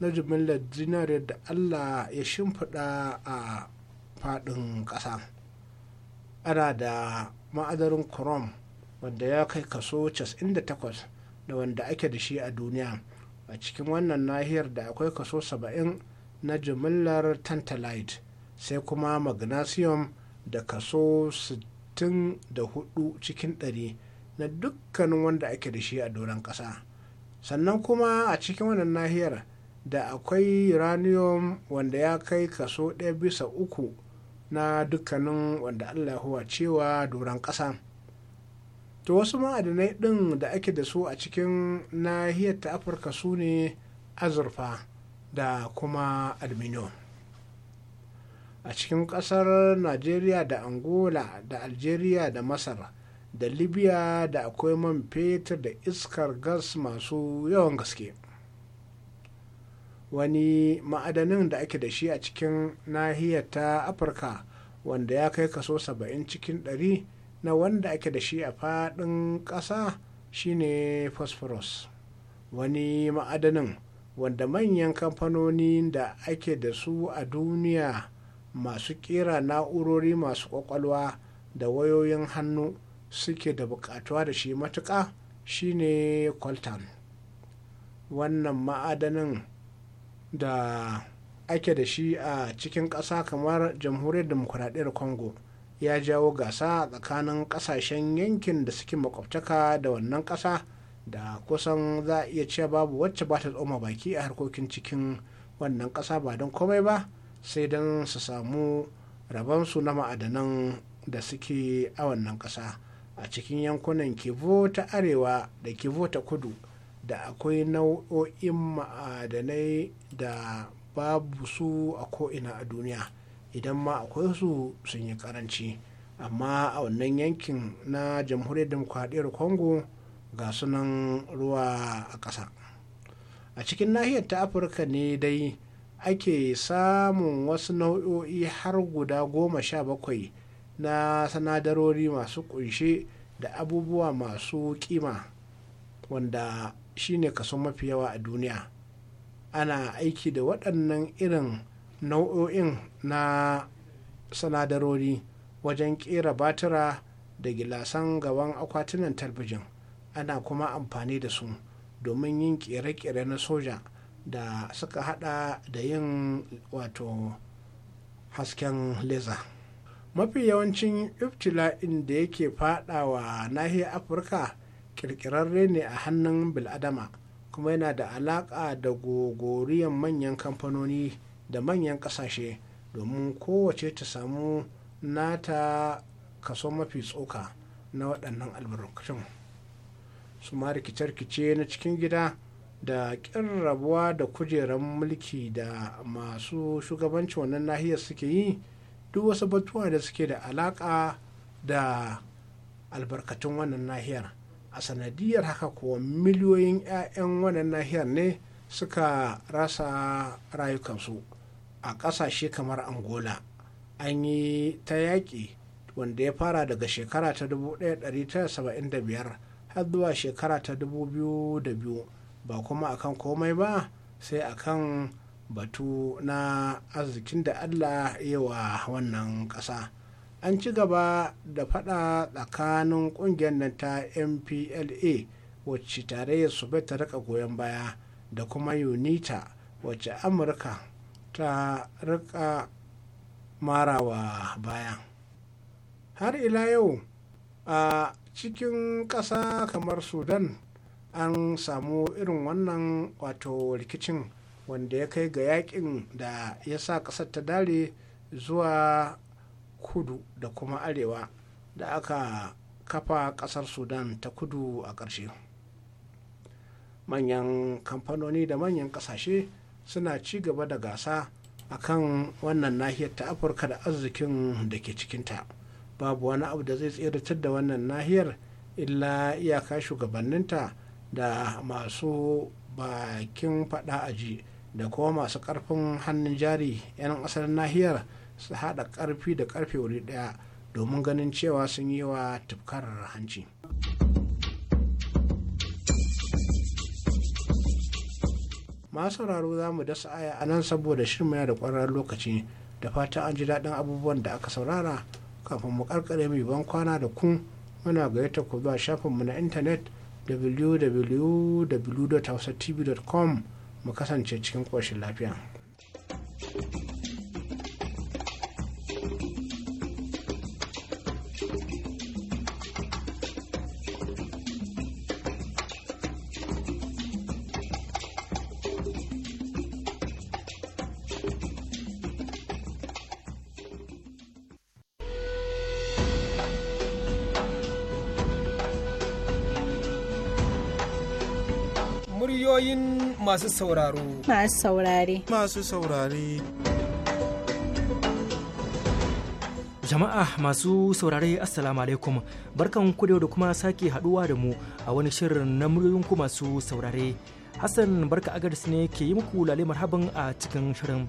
na jimillar zinariyar da allah ya shimfiɗa a faɗin ƙasa ana da ma'adarin chrome wanda ya kai kaso 98 da wanda ake da shi a duniya a cikin wannan nahiyar da akwai kaso 70 na jimillar tantalite sai kuma magnesium da kaso 64 cikin ɗari na dukkanin wanda ake da shi a doron ƙasa sannan kuma a cikin wannan nahiyar da akwai uranium wanda ya kai kaso ɗaya bisa uku na dukkanin wanda allah huwa cewa doron ƙasa to wasu ma'adinai ɗin da ake da su a cikin nahiyar ta afirka su ne azurfa da kuma aluminium a cikin ƙasar najeriya da angola da algeria da masar da libya da akwai man fetur da iskar gas masu yawan gaske wani ma'adanin da ake da shi a cikin nahiyar ta afirka wanda ya kai kaso 70 cikin 100 na wanda ake da shi a faɗin ƙasa shine phosphorus wani ma'adanin wanda manyan kamfanoni da ake da su a duniya masu kera na'urori masu kwakwalwa da wayoyin hannu suke da bukatuwa da shi matuƙa shine coltan wannan ma'adanin da ake da shi a cikin ƙasa kamar jamhuriyar demokuraɗiyar congo ya jawo gasa tsakanin ƙasashen yankin da suke makwabtaka da wannan ƙasa da kusan za a iya cewa babu wacce ba ta tsoma baki a harkokin cikin wannan ƙasa ba don komai ba sai don su samu rabansu na ma'adanan da suke a wannan ƙasa a cikin yankunan kivo ta arewa da kivo ta kudu da akwai nau'o'in ma'adanai da babu su a ko'ina a duniya idan ma akwai su sun yi karanci amma a wannan yankin na jamhuriyar demokradiyyar congo ga sunan ruwa a ƙasa a cikin nahiyar ta afirka ne dai ake samun wasu nau'o'i har guda goma sha bakwai na sanadarori masu kunshe da abubuwa masu kima wanda shine kaso mafi yawa a duniya ana aiki da waɗannan irin nau'o'in na sanadarori wajen ƙera batira da gilasan gaban akwatunan talbijin ana kuma amfani da su domin yin ƙere-ƙere na soja da suka hada da yin wato hasken leza mafi yawancin iftila'in da yake fadawa nahiyar afirka kirkirarre ne a hannun biladama kuma yana da alaƙa da gogoriyan manyan kamfanoni da manyan ƙasashe domin kowace ta samu nata kaso mafi tsoka na waɗannan albarkatun su ma rikice-rikice na cikin gida da ƙin rabuwa da kujerar mulki da masu shugabanci wannan nahiyar suke yi duk wasu batuwa da suke da alaƙa da albarkatun wannan nahiyar a sanadiyar haka kuwa miliyoyin 'ya'yan wannan nahiyar ne suka rasa rayukansu a ƙasashe kamar angola an yi ta yaƙi wanda ya fara daga shekara ta 1975 har zuwa shekara ta 2002 ba kuma akan komai ba sai akan batu na arzikin da allah yi wa wannan ƙasa an ci gaba da fada tsakanin kungiyar nan ta mpla wacce tarayyar soviet ta rika goyon baya da kuma unita wacce amurka ta rika marawa baya har ila yau a cikin ƙasa kamar sudan an samu irin wannan wato rikicin wanda ya kai ga yakin da ya sa ƙasar ta dare zuwa kudu da kuma arewa da aka kafa kasar sudan ta kudu a ƙarshe manyan kamfanoni da manyan ƙasashe suna ci gaba da gasa a kan wannan nahiyar ta afirka da arzikin da ke cikinta babu wani abu da zai tseratar da wannan nahiyar illa iyaka shugabanninta da masu bakin fada aji da kuma masu ƙarfin hannun jari 'yan asalin nahiyar su haɗa ƙarfi da ƙarfe wuri ɗaya domin ganin cewa sun yi wa tufkarar hanci. masu sauraro za mu dasa aya a nan saboda shirin yana da ƙwararren lokaci da fata an ji daɗin abubuwan da aka saurara kafin mu karkare mai ban kwana da kun muna gayyata ku zuwa shafinmu na intanet www.hausatv.com mu kasance cikin ƙoshin lafiya. masu sauraro. Masu saurare. Masu saurare. Jama'a masu saurare Assalamu alaikum barkan ku da kuma sake haduwa da mu a wani shirin na muryoyinku masu saurare. Hassan barka agars ne ke yi muku lale marhaban a cikin shirin.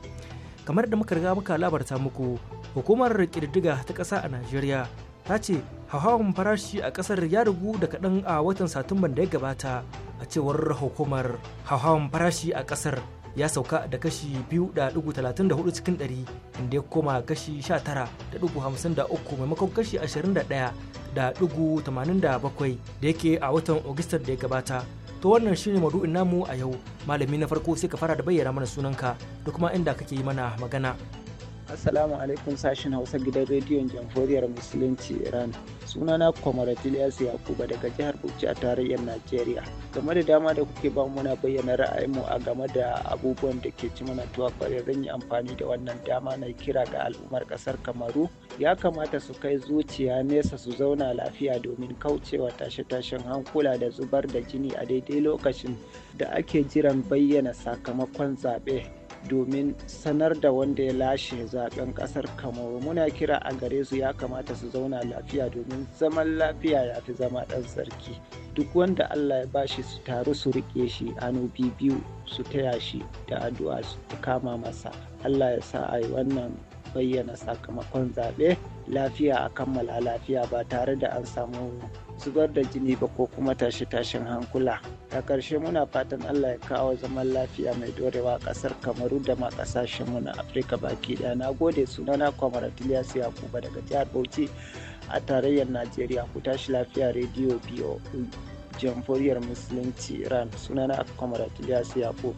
Kamar da muka riga muka labarta muku, hukumar ƙididdiga ta ƙasa a Najeriya ta ce hauhawan farashi a ƙasar ya rigu da kaɗan a watan Satumban da ya gabata a cewar hukumar hauhawan farashi a kasar ya sauka da kashi 2.34 cikin 100 inda ya koma kashi 19.53 maimakon kashi 21.87 da yake a watan Agustan da ya gabata. To wannan shine madu'in namu a yau. Malami na farko sai ka fara da bayyana mana sunanka da kuma inda kake yi mana magana. Assalamu alaikum sashen Hausa gidan rediyon Jamhuriyar Musulunci Iran. Sunana Kwamaratil Ilyasu Yakuba daga jihar Bauchi a tarayyar Najeriya. Game da dama da kuke ba muna bayyana ra'ayinmu a game da abubuwan da ke ci mana tuwa kwarai zan yi amfani da wannan dama na kira ga al'ummar kasar Kamaru. Ya kamata su kai zuciya nesa su zauna lafiya domin kaucewa tashe-tashen hankula da zubar da jini a daidai lokacin da ake jiran bayyana sakamakon zaɓe. domin sanar da wanda ya lashe zaben kasar kamaru muna kira a gare su ya kamata su zauna lafiya domin zaman lafiya ya fi zama ɗan sarki duk wanda allah ya bashi su taru su riƙe shi hannu biyu su taya shi da addu'a su kama masa allah ya sa a yi wannan bayyana sakamakon zaɓe lafiya a kammala lafiya ba tare da an samu zubar da jini ba ko kuma tashi tashin hankula ta karshe muna fatan allah ya kawo zaman lafiya mai dorewa ƙasar kamaru da ma mu na afirka baki ɗaya na gode sunana kwamar tiliyasu yakuba daga jihar bauchi a tarayyar najeriya ku tashi lafiya rediyo boe jamhuriyar musulunci iran sunana kwamar yakuba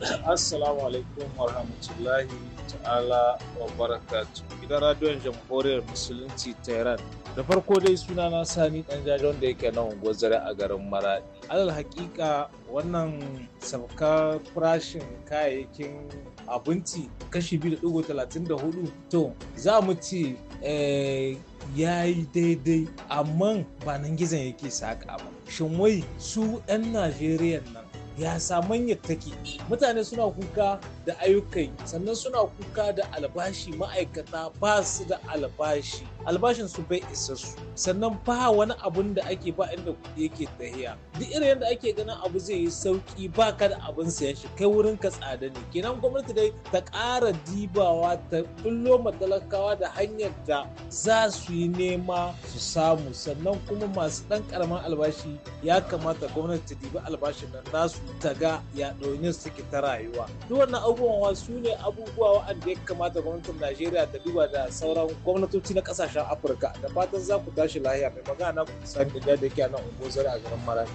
Assalamu alaikum wa rahmatullahi ta'ala wa barakatu. Gidan radiyon jamhuriyar musulunci Tehran. Da farko dai suna na sani dan jajon da yake na unguwar a garin Maradi. Alal hakika wannan sabka farashin kayayyakin abinci kashi 2.34 to za mu ce eh, ya yi daidai amma ba nan gizon yake saƙa ba. Shin wai su 'yan Najeriya na ya samanyar take mutane suna kuka da ayyukan sannan suna kuka da albashi ma'aikata ba su da albashi albashin su bai isassu. sannan ba wani abun da ake ba inda kuɗi yake tahiya duk irin yadda ake ganin abu zai yi sauki ba ka da abin sayan shi kai wurin ka tsada ne kenan gwamnati dai ta ƙara dibawa ta bullo matalakawa da hanyar da za su yi nema su samu sannan kuma masu ɗan ƙaramin albashi ya kamata gwamnati ta dibi albashin nan nasu ta ga ya ɗaunin suke ta rayuwa duk wannan abubuwan su ne abubuwa wa'anda ya kamata gwamnatin najeriya ta duba da sauran gwamnatoci na ƙasashen kasashen afirka da fatan za ku tashi lahiya mai magana ku sani da da ke nan ungozar a garin marami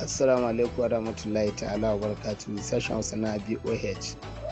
assalamu alaikum warahmatullahi ta'ala wa barakatuhu sashen hausa na boh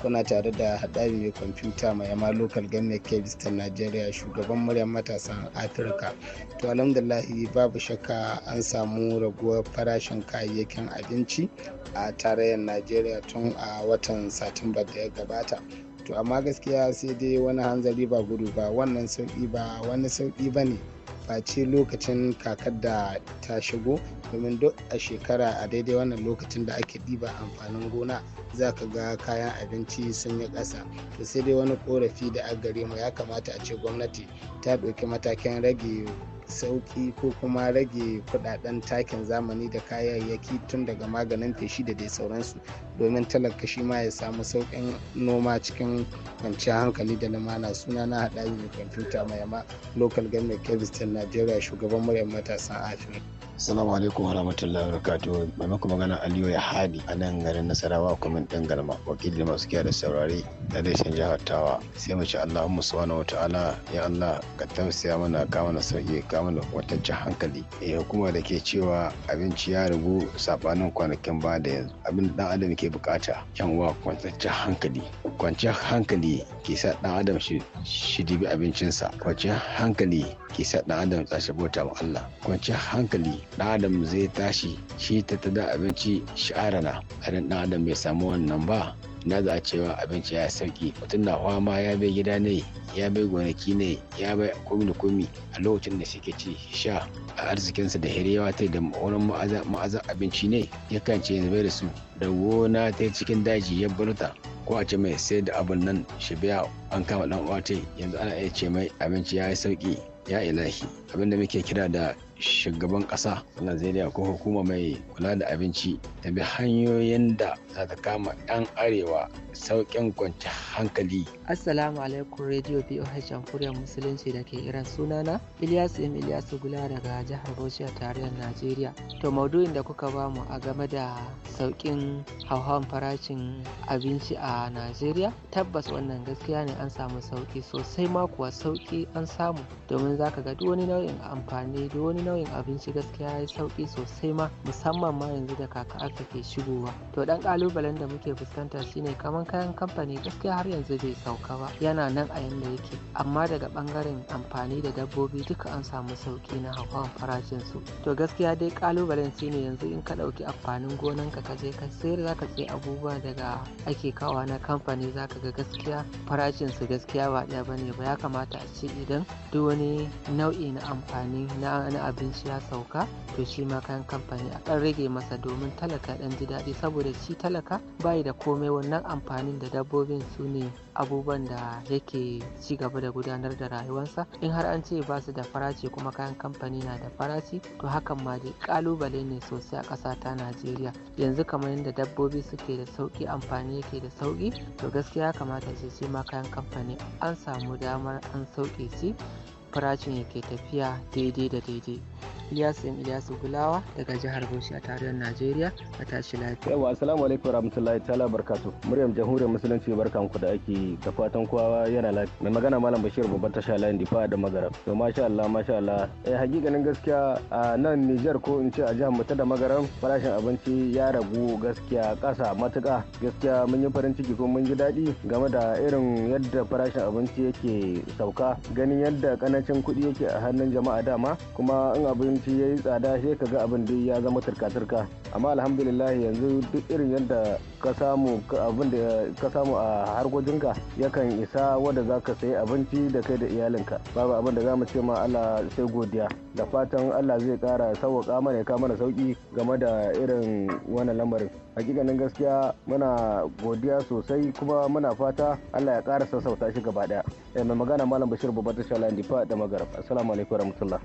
kuna tare da haɗari mai kwamfuta mai yama lokal kebis ta nigeria shugaban muryar matasan afirka to alhamdulahi babu shakka an samu raguwar farashin kayayyakin abinci a tarayyar nigeria tun a watan satumba da ya gabata to amma gaskiya sai dai wani hanzari ba gudu ba wannan sauki ba wani sauki ba ne face lokacin kakar da ta shigo domin duk a shekara a daidai wannan lokacin da ake ɗiba amfanin gona za ka ga kayan abinci sun yi ƙasa to sai dai wani korafi da a gare mu ya kamata a ce gwamnati ta ɗauki matakin rage sauki ko kuma rage kudaden takin zamani da kayayyaki tun daga maganin feshi da dai sauransu domin talaka shi ma ya samu saukin noma cikin kwanciyar hankali da lamana suna na haɗari da kwamfuta mai yamma local government kebis nigeria shugaban muryar matasan afirka Salamu alaikum warahmatullahi mai maka magana Aliyu ya hadi a nan garin Nasarawa kuma ɗan galma wakili masu kiyaye da saurari da reshen jihar Tawa. Sai mu ci wani wata ala, ya Allah ka tausaya mana kama na sauki kama na wataccen hankali. ya eh, hukuma da ke cewa abinci ya ragu saɓanin kwanakin ba da yanzu. Abin dan adam ke bukata yan wa kwantaccen hankali. Kwanciyar hankali ke sa ɗan adam shi dibi abincinsa. Kwanciyar hankali ke sa ɗan adam tashi bauta wa Allah kwanciyar hankali ɗan adam zai tashi shi ta tada abinci sha'arana idan ɗan adam bai samu wannan ba na za cewa abinci ya sauki mutum na fama ya bai gida ne ya bai gonaki ne ya bai komi da komi a lokacin da suke ci sha a arzikinsa da hirewa ta da wani ma'azan abinci ne ya kance ya bai da su da gona ta cikin daji ya barta ko a ce mai sai da abun nan shi biya an kama ɗan uwa yanzu ana iya ce mai abinci ya yi sauki ya ilahi abinda muke kira da shugaban ƙasa najeriya ko hukuma mai kula da abinci ta bi hanyoyin da za ta kama 'yan arewa sauƙin kwanci hankali assalamu alaikum radio voh jamhuriyar musulunci da ke iran sunana ilyasu M ilyasu gula daga jihar bauchi a tarayyar najeriya to maudu'in da kuka ba mu a game da sauƙin hauhawan farashin abinci a najeriya tabbas wannan gaskiya ne an samu sauƙi sosai ma kuwa sauƙi an samu domin zaka ga duk wani nau'in amfani duk wani nau'in abinci gaskiya ya yi sauƙi sosai ma musamman ma yanzu da kaka aka ke shigowa to dan kalubalen da muke fuskanta shine kaman kayan kamfani gaskiya har yanzu bai sauka ba yana nan a yanda yake amma daga bangaren amfani da dabbobi duka an samu sauki na hawan farashin su to gaskiya dai kalubalen shine yanzu in ka ɗauki amfanin gonanka ka je ka sayar zaka sai abubuwa daga ake kawa na kamfani zaka ga gaskiya farashin su gaskiya ba ɗaya bane ba ya kamata a ce idan duk wani nau'i na amfani na abinci abinci ya sauka to shi ma kayan kamfani a ɗan rage masa domin talaka ɗan ji daɗi saboda shi talaka bayi da komai wannan amfanin da dabbobin su ne abubuwan da yake ci gaba da gudanar da rayuwarsa in har an ce ba su da farashi kuma kayan kamfani na da farashi to hakan ma dai kalubale ne sosai a ƙasa ta najeriya yanzu kamar yadda dabbobi suke da sauki amfani yake da sauki to gaskiya ya kamata shi ma kayan kamfani an samu damar an sauke shi farashin yake ke tafiya daidai da daidai. Ilyasim Ilyasu Gulawa daga jihar Bauchi a tarayyar Najeriya a tashi lafiya. Yawa assalamu alaikum warahmatullahi ta'ala barkatu. Muryar Jamhuriyar Musulunci barkanku da ake da fatan kowa yana lafiya. Mai magana Malam Bashir babban tasha layin difa da magarab. To masha Allah masha Allah. Eh hakikanin gaskiya a nan Nijar ko in ce a jihar mu da magaram farashin abinci ya ragu gaskiya ƙasa matuƙa. Gaskiya mun yi farin ciki ko mun ji daɗi game da irin yadda farashin abinci yake sauka ganin yadda kanacin kuɗi yake a hannun jama'a dama kuma in abin abinci ya yi tsada sai ka ga abin da ya zama turka-turka amma alhamdulillah yanzu duk irin yadda ka samu abin da ka samu a harkokinka yakan isa wadda za ka sayi abinci da kai da iyalinka babu abin da za mu ce ma Allah sai godiya da fatan Allah zai kara sauwaka mana ya kama mana sauki game da irin wannan lamarin hakikanin gaskiya muna godiya sosai kuma muna fata Allah ya ƙara sassauta shi gaba ɗaya eh, mai magana malam bashir babbar tashar landifa da magarab assalamu alaikum warahmatullahi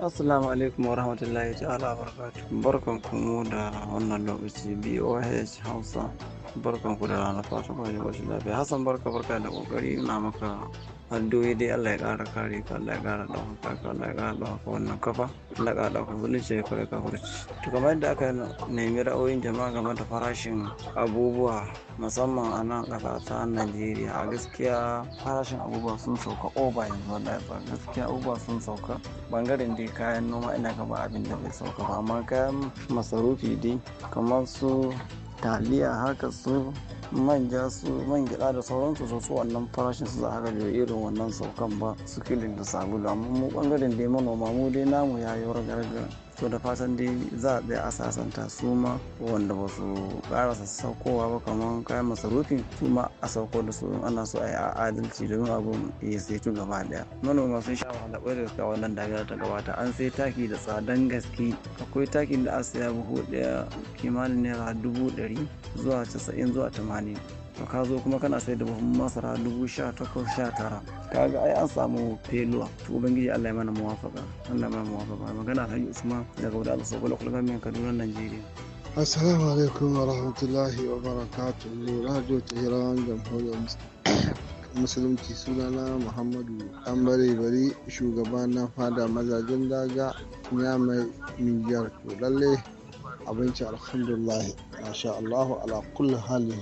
Assalamu alaikum wa rahmatullahi ta'ala barakatuhu. Barkan mu da wannan lokaci BOH Hausa. Barkan ku da ranar fata lafiya. Hassan barka barka da kokari na maka addu'o'i dai Allah ya ƙara kare ka Allah ya ƙara ɗaukaka ka Allah ya ƙara ɗaukaka wannan kafa Allah ya ƙara ɗaukaka zulunci ya kare kafurci to kamar yadda aka nemi ra'ayoyin jama'a game da farashin abubuwa musamman a nan ƙasa ta Najeriya a gaskiya farashin abubuwa sun sauka oba yanzu wallahi ba gaskiya abubuwa sun sauka bangaren dai kayan noma ina gaba abin da bai sauka ba amma kayan masarufi dai kamar su taliya haka su manja su man gyaɗa da sauransu su su wannan farashin su za ga bai irin wannan saukan ba su kilin da sabulu amma mu bangaren dai manoma mu dai namu ya yi ragar so da fatan dai za a tsaya a sasanta su ma wanda ba su karasa saukowa ba kamar kayan masarufin su ma a sauko da su ana so a yi a adalci domin abin ya saitu gaba daya manoma sun sha wahala ɓoye da wannan dagara ta gabata an sai taki da tsadan gaske akwai takin da a saya buhu ɗaya kimanin naira dubu ɗari zuwa casa'in zuwa tamanin to ka zo kuma kana sai da buhun masara dubu sha takwas sha tara kaga ai an samu feluwa to ubangiji Allah ya mana muwafaka Allah ya mana muwafaka magana Alhaji Usman daga Wadal Sokola Kulgamin Kaduna Najeriya Assalamu alaikum wa rahmatullahi wa barakatuhu Radio Tehran Jamhuriyar Musulunci sunana Muhammadu an Bari shugaba na fada mazajen daga ya mai Nijar to lalle abinci alhamdulillah masha Allahu ala kulli hali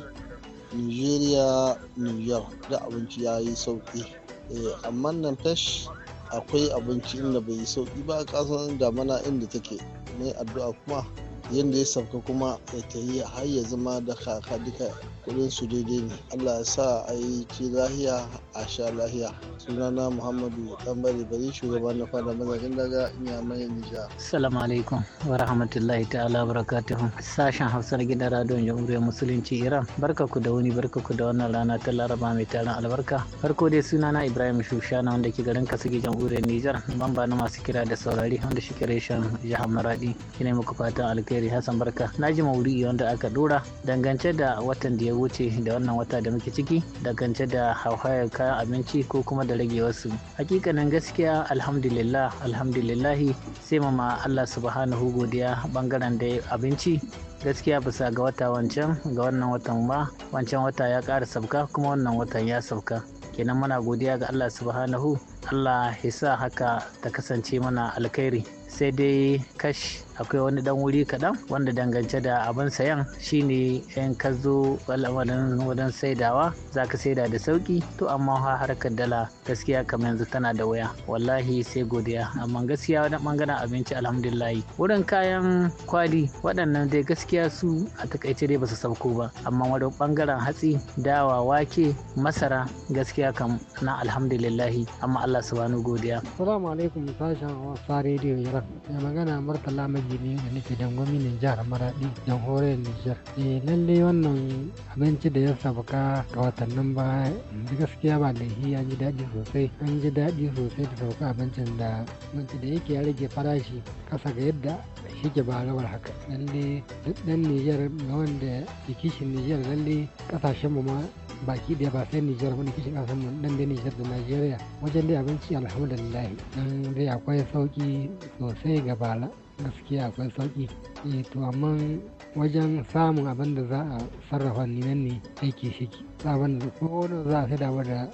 nigeria new york da abinci ya yi sauki eh, amma nan fesh akwai abinci inda bai yi sauki ba kasan damana inda take mai addu'a kuma yadda ya sauka kuma ya ta yi har ya zama da kaka duka kudin su daidai ne allah ya sa a yi ci lahiya a sha lahiya sunana muhammadu dan bari bari shugaban na fada mazajen daga mai nija salamu alaikum wa rahmatullahi ta'ala barakatuhu sashen hausar gidan radon jamhuriyar musulunci iran barka ku da wuni barka ku da wannan rana ta laraba mai taron albarka farko dai sunana ibrahim shushana wanda ke garin kasige jamhuriyar nijar bamba na masu kira da saurari wanda shi kira shan jihar maradi ina muku fatan alkai alheri Hassan Barka na ji maulidi wanda aka dora dangance da watan da ya wuce da wannan wata da muke ciki dangance da hauhayar kayan abinci ko kuma da rage wasu hakikanin gaskiya alhamdulillah alhamdulillahi sai mama Allah subhanahu godiya bangaren da abinci gaskiya bisa ga wata wancan ga wannan watan ma wancan wata ya ƙara sabka kuma wannan watan ya sabka kenan muna godiya ga Allah subhanahu Allah ya sa haka ta kasance mana alkhairi sai dai kash akwai wani dan wuri kaɗan wanda dangance da abin sayan shine yan ka zo wadan saidawa za ka saida da sauki to amma harkar dala gaskiya kamar yanzu tana da waya wallahi sai godiya amma gaskiya wadan bangaren abinci alhamdulillah wurin kayan kwali waɗannan dai gaskiya su a takaice dai basu sauko ba amma wajen bangaren hatsi dawa wake masara gaskiya kam na alhamdulillah amma Allah su bani godiya assalamu alaikum sashen wasa rediyo yaran magana murtala mai biyu da nake dan gwamnan jihar Maradi jamhuriyar Nijar. e lalle wannan abinci da ya sabuka ga watannin ba da gaskiya ba laifi an ji daɗi sosai an ji daɗi sosai da sauka abincin da abinci da yake ya rage farashi kasa ga yadda shi ke ba haka lalle duk ɗan Nijar ga wanda ke kishin Nijar lalle kasashen mu ma baki daya ba sai Nijar wani kishin kasan mu ɗan dai Nijar da nigeria wajen dai abinci alhamdulillah dan dai akwai sauki sosai ga bala gaskiya akwai sauki eh, to amma wajen samun abin da za a sarrafa ni nan ne aiki shiki abin da ko wanda za a sai ba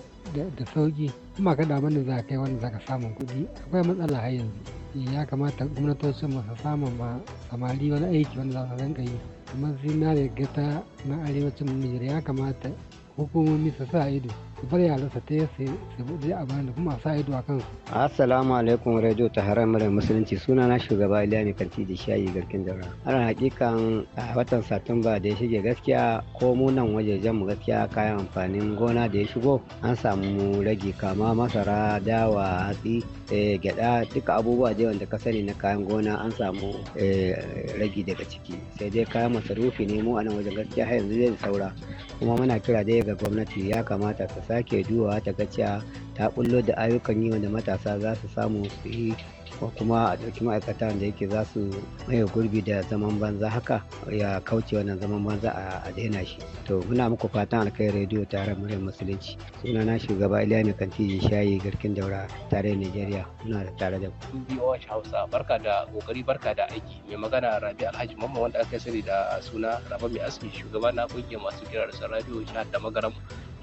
da sauki kuma ka da da za a kai wanda za ka samun kuɗi akwai matsala har yanzu eh, ya kamata gwamnatocin masu samun ma samari wani aiki wanda za su rinka yi kamar zinare gata na arewacin Nijar ya kamata hukumomi su sa ido su bar ta su buɗe a bani kuma sa ido a kansu. Assalamu alaikum radio ta haram musulunci suna na shugaba Iliya ne kanti da shayi garkin jara. Ana hakikan a watan Satumba da ya shige gaskiya ko mu nan wajejen mu gaskiya kayan amfanin gona da ya shigo an samu rage kama masara dawa hatsi eh, gyada duka abubuwa da wanda ka sani na kayan gona an samu eh, rage daga ciki sai dai kayan masarufi ne mu a nan wajen gaskiya har yanzu zai saura kuma muna kira dai ga gwamnati ya kamata ta sake ke dubawa ta ga cewa ta bullo da ayyukan yi wanda matasa za su samu su yi ko kuma a ɗauki ma'aikata da yake za su maye gurbi da zaman banza haka ya kauce wannan zaman banza a daina shi to muna muku fatan alkai rediyo tare muryar musulunci suna na shugaba iliya mai kanti shayi garkin daura tare nigeria muna da tare da ku hausa barka da kokari barka da aiki mai magana rabi alhaji mamman wanda aka sani da suna raba mai aski shugaba na kungiyar masu kirar sa rediyo jihar da magaram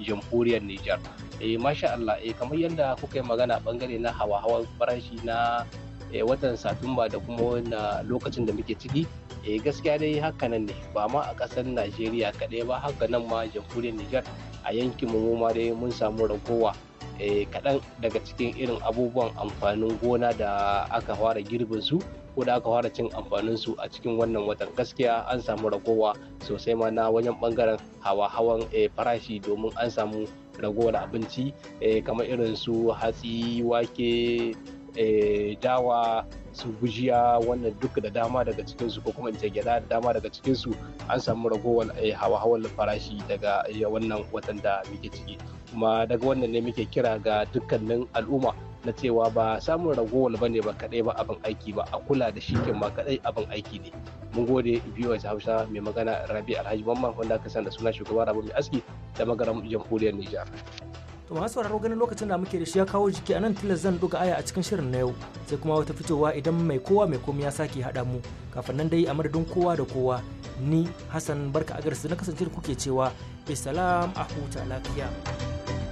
jamhuriyar niger eh masha allah eh kamar yadda kuka yi magana bangare na hawa-hawan farashi na eh, watan satumba da kuma na lokacin da muke ciki eh gaskiya dai hakanan ne ba ma a ƙasar najeriya kaɗai ba haka nan ma jamhuriyar niger a yankin mu ma dai mun samu ragowa eh, kaɗan daga cikin irin abubuwan amfanin gona da aka fara girbin su ko da aka fara cin amfanin su a cikin wannan watan gaskiya an samu ragowa sosai ma na wajen bangaren hawa hawan eh, farashi domin an samu ragowar abinci eh, kamar irin su hatsi wake eh, dawa su gujiya wannan duk da dama daga cikin su ko kuma in ce gyada da dama daga cikin su an samu ragowar eh, hawa-hawan farashi daga eh, wannan watan da muke ciki kuma daga wannan ne muke kira ga dukkanin al'umma na cewa ba samun ragowar bane ba kadai ba abin aiki ba a kula da shi ma kadai abin aiki ne mun gode biyu hausa mai magana rabi alhaji mamman wanda aka sanda da suna shugaban rabu mai aski da magaran jamhuriyar nijar To masu sauraro ganin lokacin da muke da shi ya kawo jiki a nan tilas zan duga aya a cikin shirin na yau sai kuma wata fitowa idan mai kowa mai komi ya sake haɗa mu kafin nan dai a madadin kowa da kowa ni Hassan barka agarsu na kasance da kuke cewa bisalam a huta lafiya.